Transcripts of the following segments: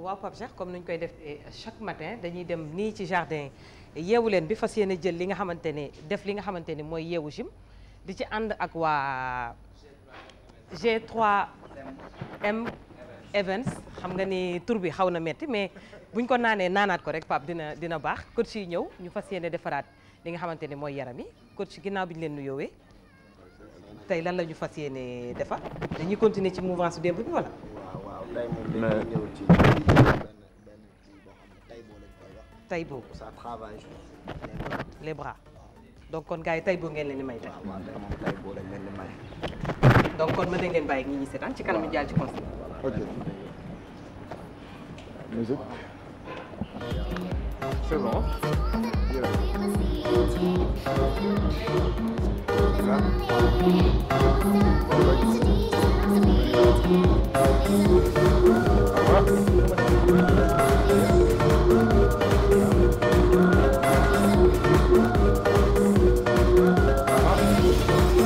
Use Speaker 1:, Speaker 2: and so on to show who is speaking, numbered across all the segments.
Speaker 1: waaw Pape Cheikh comme nuñ koy defee chaque matin dañuy dem nii ci jardin yeewu leen bi fas yéene jël li nga xamante ne def li nga xamante ni mooy yeewu jim di ci ànd ak waa g trois m Events xam nga ni tur bi xaw na metti mais buñ ko naanee naanaat ko rek Pape dina dina baax coach yi ñëw ñu fas yéene defaraat li nga xamante ni mooy yaram yi coach ginnaaw bi ñu leen nuyoowee tey lan la ñu fas yéene defar dañuy continuer ci mouvance su démb bi wala tey moom
Speaker 2: dañuy ñëw ci benn
Speaker 1: boo lañ koy wax. Taïbo ça travaille sur les bras. donc kon gars yi Taïbo ngeen leen di may tey. lañ leen di may. donc kon mën na ngeen bàyyi ak ñi ñuy seetaan ci kanam ñu jàll ci conseil. ok.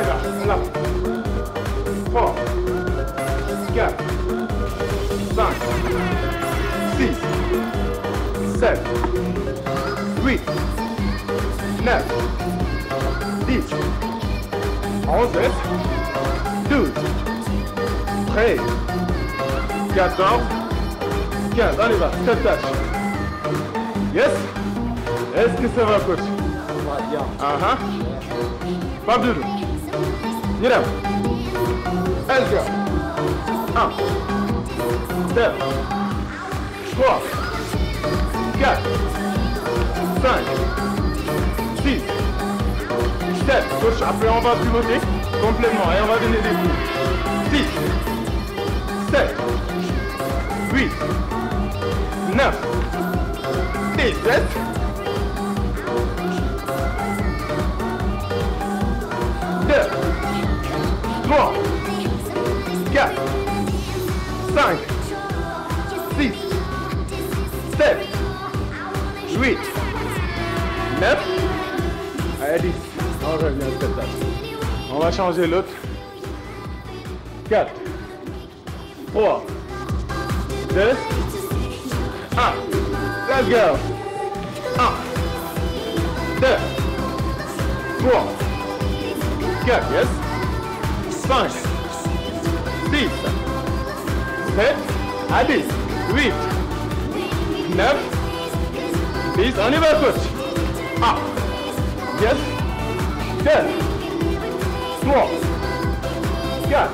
Speaker 2: Arriva, là. Four. Quatre. Cinq. Six. Sept. Huit. Neuf. Dix. Onze. Douze. Treize. Quatorze. Quinze. On y va, cette tâche. Yes Est-ce que ça va, coach? Ça va bien. Uh -huh. Pape Doudou ñu dem un deux trois quatre cinq six sept gauche après on va complètement et on va donner des coups six sept huit neuf dix 3, 4, 5, 6, 7, 8, 9, allez 10. On revient au spectacle. On va changer l'autre. 4, 3, 2, 1. Let's go. 1, 2, 3, 4, yes. cinq six sept à dix huit neuf dix on y va tous un deux trois quatre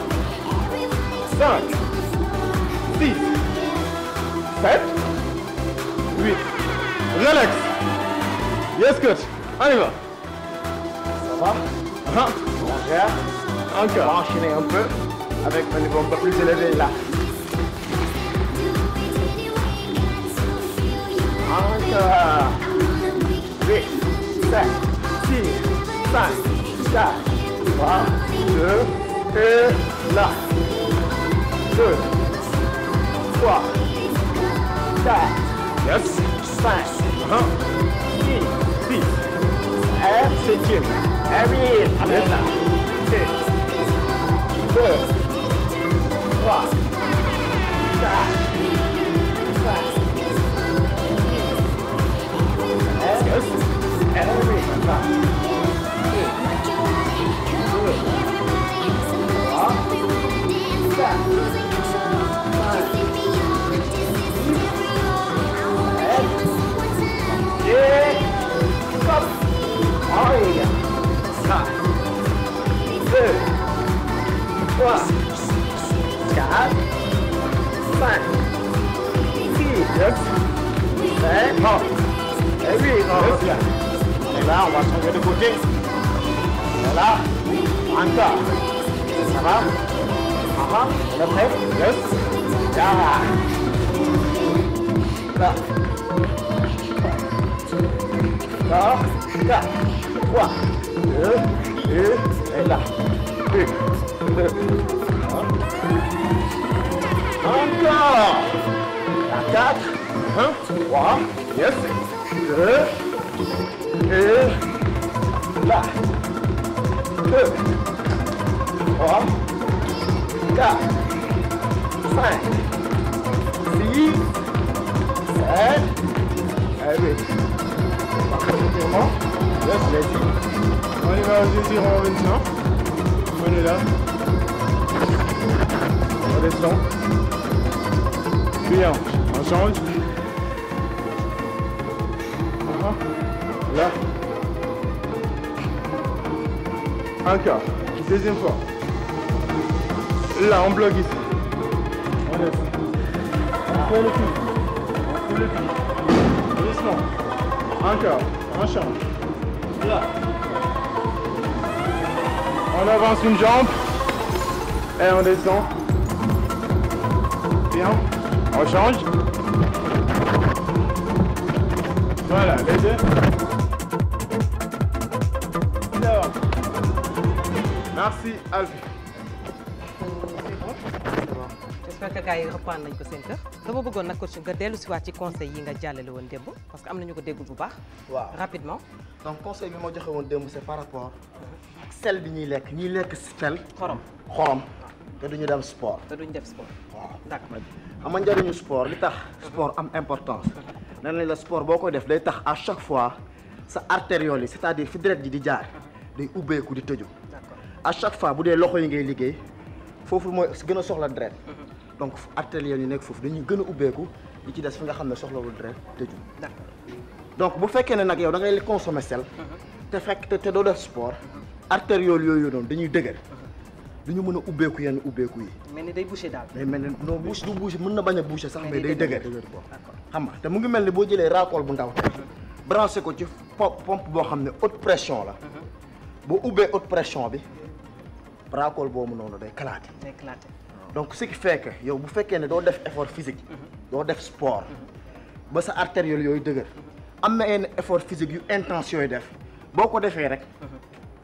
Speaker 2: cinq six relax yes coach on encore. On va enchaîner un peu avec un niveau un peu plus élevé là. Encore. 8, 7, 6, 5, 4, 3, 2, et là. 2, 3, 4, yes. 5, 1, 6, 6. Et c'est Jim. Et oui, avec là. 6, Deux. Trois. Quatre. Et là, on va changer de côté. Et là, encore. Ça va Aha, on est prêt Yes Là. Là. Là. Là. 3, 2, 1, et là. 1, 2, 1. Encore. La 4, 1, 3, yes, 2, Et là. Deux. Trois. Quatre. Cinq. Six. Sept. Et huit. On y va, on y va, on descend.
Speaker 1: Venez là. On descend. Bien, on change. Uh -huh. Là. Un quart.
Speaker 2: Deuxième fois. Là, on bloque ici. On laisse. On fait le pied. On fait le pied. Doucement. Un quart. On change. Là.
Speaker 1: On avance une jambe. Et on descend. Bien. On change. Voilà, les deux. merci Albi. j'espère que gars yi reprendre nañ ko seen kër. dama bëggoon nag coach nga dellu si waat ci conseil yi nga jàllale woon démb parce que am nañu ko déggul bu baax. waaw rapidement. donc conseil bi ma joxe woon démb c'est par rapport ak sel bi ñuy lekk
Speaker 2: ñuy lekk sel. xorom xorom. te duñu dem sport. te duñu def sport. waaw d'accord xam nga njëriñu sport li tax. sport am importance. nee mhm. nañ la sport boo koy def day tax à chaque fois sa artériole yi c'est-à-dire fi deret ji di jaar day ubbeeku di tëju. à chaque fois bu dee loxo yi ngay liggéey foofu mooy gën a soxla deret mhm. donc artères yi nekk foofu dañuy gën a ubbeeku li ci des fi nga xam ne soxla soxlawul deret tëju donc bu fekkee ne nag yow da ngay consommer sel mhm. te fekk te doo def sport mhm. artères yooyu noonu dañuy dëgër du ñu mën a ubbeeku yenn ubbeeku yi.
Speaker 1: mel ni day bouché daal.
Speaker 2: mel ni non bouché du bouché mën na bañ a bouché sax mais day dëgër. xam nga te mu ngi mel ni boo jëlee raakool bu ndaw tey. branché ko ci pomp boo xam ne haute pression la. boo ubbee haute pression bi. raakool boobu noonu day kalaate day kalaate donc ce qui fait yow bu fekkee ne doo def effort physique mm-hmm. doo def sport mm-hmm. ba sa artériole yooyu dëgër mm-hmm. am na ay effort physique yu intense yooyu def boo ko defee rek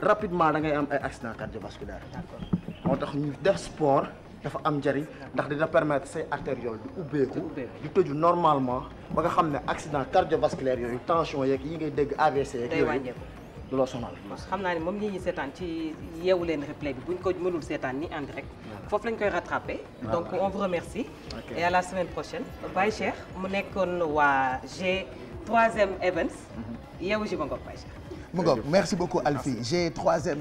Speaker 2: rapidement da ngay am ay accident cardiovasculaire moo tax ñu def sport dafa am njëriñ ndax da permettre say artériole di ubbeeku di tëju normalement ba nga xam ne accident cardiovasculaire yooyu tension yeeg yi ngay dégg AVC yeeg yooyu du
Speaker 1: xam naa ni moom ñi ñuy seetaan ci yeewu leen replay bi buñ ko mënul seetaan ni en direct foofu lañ koy rattrapé. donc on vous remercie. Okay. et à la semaine prochaine. Baye Cheikh mu nekkoon waa G3M Events. Mhm. yeewu ji ma ngoog Baye Cheikh.
Speaker 2: mu ngoog merci beaucoup Alfie g 3